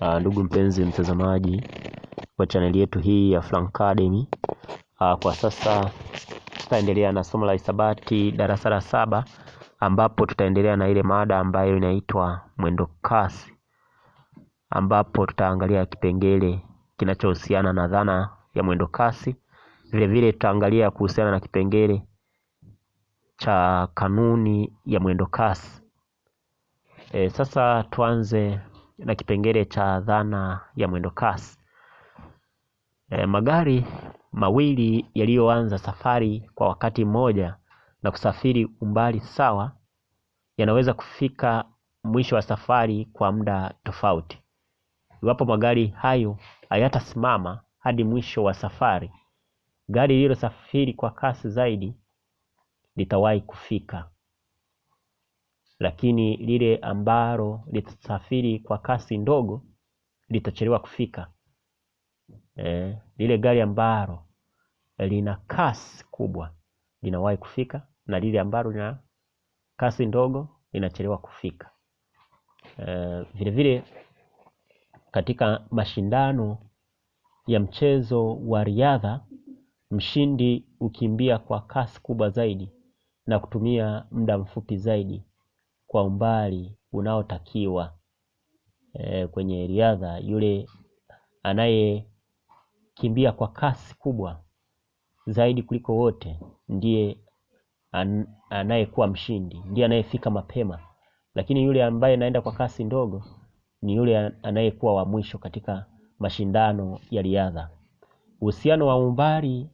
Ah, ndugu mpenzi mtazamaji wa chaneli yetu hii ya Francademy. Ah, kwa sasa tutaendelea na somo la hisabati darasa la saba, ambapo tutaendelea na ile mada ambayo inaitwa mwendo kasi, ambapo tutaangalia kipengele kinachohusiana na dhana ya mwendo kasi. Vile vile tutaangalia kuhusiana na kipengele cha kanuni ya mwendo kasi. E, sasa tuanze na kipengele cha dhana ya mwendo kasi. E, magari mawili yaliyoanza safari kwa wakati mmoja na kusafiri umbali sawa yanaweza kufika mwisho wa safari kwa muda tofauti. Iwapo magari hayo hayatasimama hadi mwisho wa safari, gari lililosafiri kwa kasi zaidi litawahi kufika lakini lile ambalo litasafiri kwa kasi ndogo litachelewa kufika. Eh, lile gari ambalo lina kasi kubwa linawahi kufika na lile ambalo lina kasi ndogo linachelewa kufika. Eh, vile vile katika mashindano ya mchezo wa riadha, mshindi ukimbia kwa kasi kubwa zaidi na kutumia muda mfupi zaidi kwa umbali unaotakiwa e, kwenye riadha. Yule anayekimbia kwa kasi kubwa zaidi kuliko wote ndiye an, anayekuwa mshindi, ndiye anayefika mapema, lakini yule ambaye anaenda kwa kasi ndogo ni yule anayekuwa wa mwisho katika mashindano ya riadha. Uhusiano wa umbali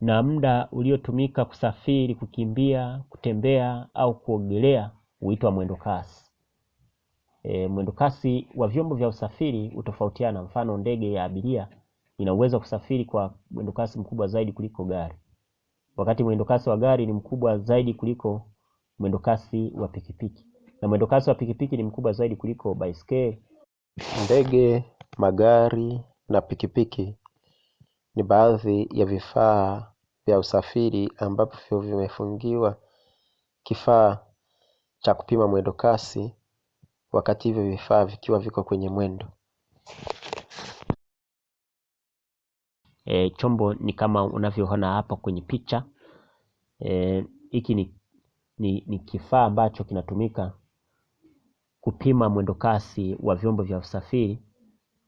na muda uliotumika kusafiri, kukimbia, kutembea au kuogelea huitwa mwendokasi. E, mwendokasi wa vyombo vya usafiri hutofautiana. Mfano, ndege ya abiria ina uwezo wa kusafiri kwa mwendokasi mkubwa zaidi kuliko gari, wakati mwendokasi wa gari ni mkubwa zaidi kuliko mwendokasi wa pikipiki, na mwendokasi wa pikipiki ni mkubwa zaidi kuliko baiskeli. Ndege, magari na pikipiki ni baadhi ya vifaa vya usafiri ambavyo vimefungiwa kifaa cha kupima mwendo kasi wakati hivyo vifaa vikiwa viko kwenye mwendo. E, chombo ni kama unavyoona hapa kwenye picha. E, hiki e, ni, ni, ni kifaa ambacho kinatumika kupima mwendo kasi wa vyombo vya usafiri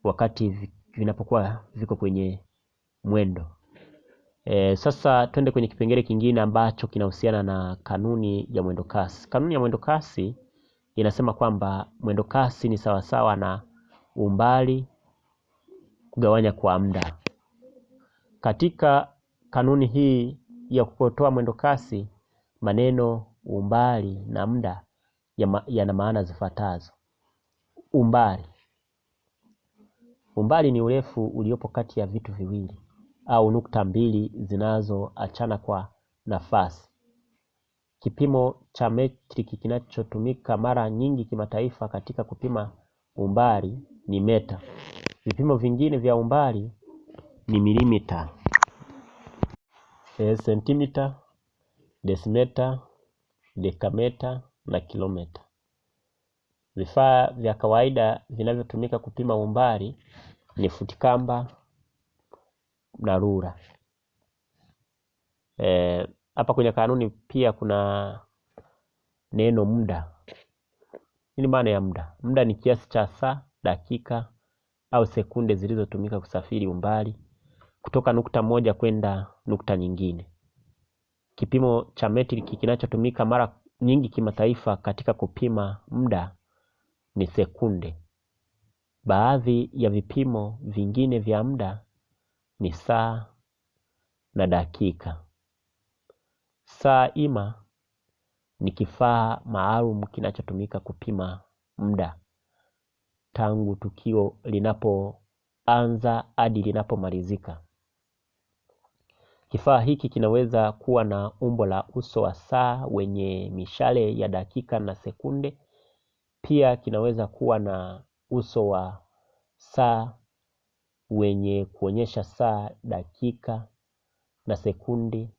wakati vinapokuwa viko kwenye mwendo. E, sasa twende kwenye kipengele kingine ambacho kinahusiana na kanuni ya mwendo kasi. Kanuni ya mwendo kasi inasema kwamba mwendo kasi ni sawasawa na umbali kugawanya kwa muda. Katika kanuni hii ya kukotoa mwendo kasi, maneno umbali na muda yana ya maana zifuatazo. Umbali, umbali ni urefu uliopo kati ya vitu viwili au nukta mbili zinazoachana kwa nafasi. Kipimo cha metriki kinachotumika mara nyingi kimataifa katika kupima umbali ni meta. Vipimo vingine vya umbali ni milimita, e, sentimita, desimeta, dekameta na kilometa. Vifaa vya kawaida vinavyotumika kupima umbali ni futikamba, dharura. E, hapa kwenye kanuni pia kuna neno muda. Nini maana ya muda? Muda ni kiasi cha saa, dakika au sekunde zilizotumika kusafiri umbali kutoka nukta moja kwenda nukta nyingine. Kipimo cha metriki kinachotumika mara nyingi kimataifa katika kupima muda ni sekunde. Baadhi ya vipimo vingine vya muda ni saa na dakika. Saa ima ni kifaa maalum kinachotumika kupima muda tangu tukio linapoanza hadi linapomalizika. Kifaa hiki kinaweza kuwa na umbo la uso wa saa wenye mishale ya dakika na sekunde. Pia kinaweza kuwa na uso wa saa wenye kuonyesha saa, dakika na sekundi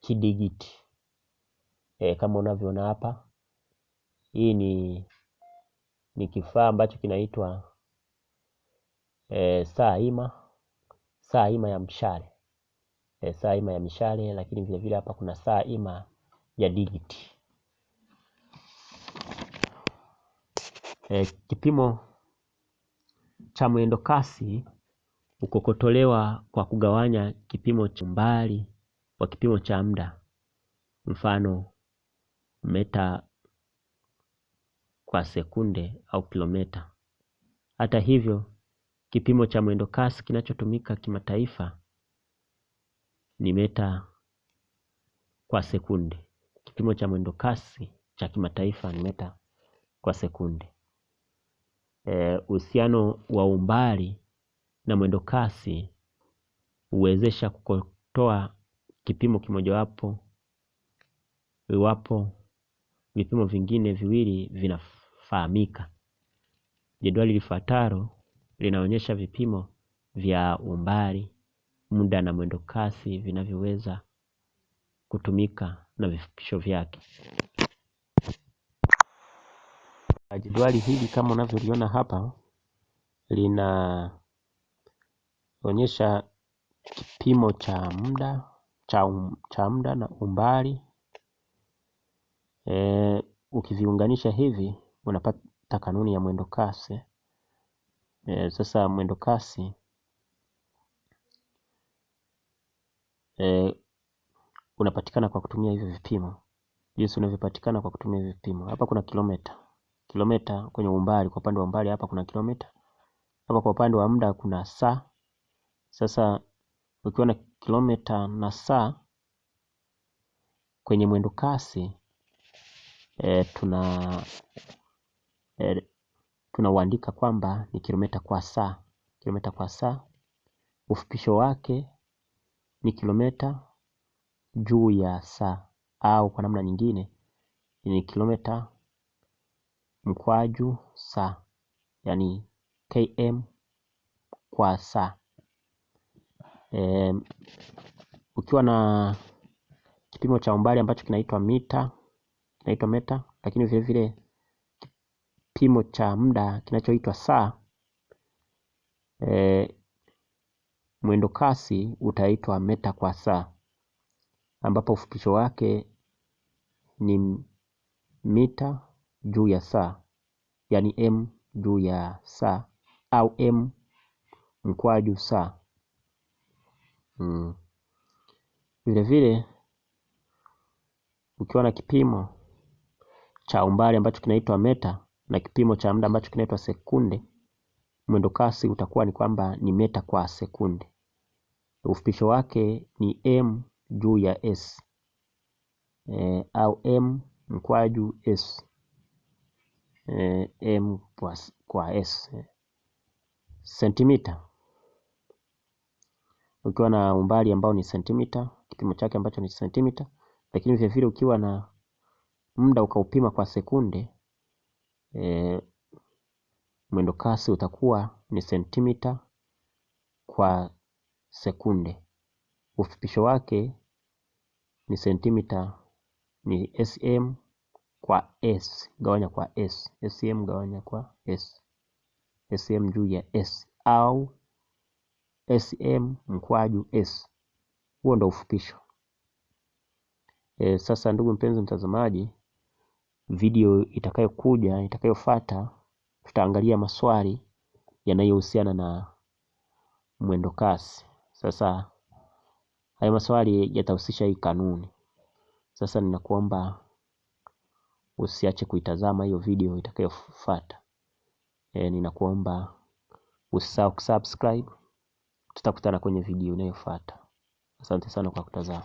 kidigiti. E, kama unavyoona hapa, hii ni kifaa ambacho kinaitwa e, saa ima, saa ima ya mshale, e, saa ima ya mishale, lakini vilevile hapa kuna saa ima ya digiti. Kipimo cha mwendokasi hukokotolewa kwa kugawanya kipimo cha umbali kwa kipimo cha muda, mfano meta kwa sekunde au kilomita. Hata hivyo, kipimo cha mwendokasi kinachotumika kimataifa ni meta kwa sekunde. Kipimo cha mwendokasi cha kimataifa ni meta kwa sekunde. Eh, uhusiano wa umbali na mwendo kasi huwezesha kukotoa kipimo kimojawapo iwapo vipimo vingine viwili vinafahamika. Jedwali lifuatalo linaonyesha vipimo vya umbali, muda na mwendokasi vinavyoweza kutumika na vifupisho vyake. Jedwali hili kama unavyoliona hapa linaonyesha kipimo cha muda cha um, muda na umbali. Eh, ukiviunganisha hivi unapata kanuni ya mwendo kasi. Eh, sasa mwendo kasi eh, unapatikana kwa kutumia hivi vipimo, jinsi unavyopatikana kwa kutumia hivi vipimo. Hapa kuna kilomita kilomita kwenye umbali. Kwa upande wa umbali hapa kuna kilomita, hapa kwa upande wa muda kuna saa. Sasa ukiwa na kilomita na saa kwenye mwendo kasi e, tuna e, tunauandika kwamba ni kilomita kwa saa, kilomita kwa saa. Ufupisho wake ni kilomita juu ya saa, au kwa namna nyingine ni kilomita mkwaju sa yani km kwa saa ukiwa na kipimo cha umbali ambacho kinaitwa mita kinaitwa meta, lakini vile vile kipimo cha muda kinachoitwa saa e, mwendo kasi utaitwa meta kwa saa, ambapo ufupisho wake ni mita juu ya saa, yani m juu ya saa au m mkwaju saa mm. Vile vile ukiwa na kipimo cha umbali ambacho kinaitwa meta na kipimo cha muda ambacho kinaitwa sekunde, mwendo kasi utakuwa ni kwamba ni meta kwa sekunde. Ufupisho wake ni m juu ya s e, au m mkwaju s. Eh, m kwa s sentimita ukiwa na umbali ambao ni sentimita, kipimo chake ambacho ni sentimita, lakini vilevile ukiwa na muda ukaupima kwa sekunde e, mwendo kasi utakuwa ni sentimita kwa sekunde. Ufupisho wake ni sentimita ni sm kwa s, gawanya kwa s, SCM gawanya kwa s, SCM juu ya s au SCM mkwaju s. Huo ndo ufupisho. E, sasa ndugu mpenzi mtazamaji, video itakayokuja itakayofuata, tutaangalia maswali yanayohusiana na mwendo kasi. Sasa haya maswali yatahusisha hii kanuni. Sasa ninakuomba usiache kuitazama hiyo video itakayofuata. E, ninakuomba usisahau kusubscribe. Tutakutana kwenye video inayofuata. Asante sana kwa kutazama.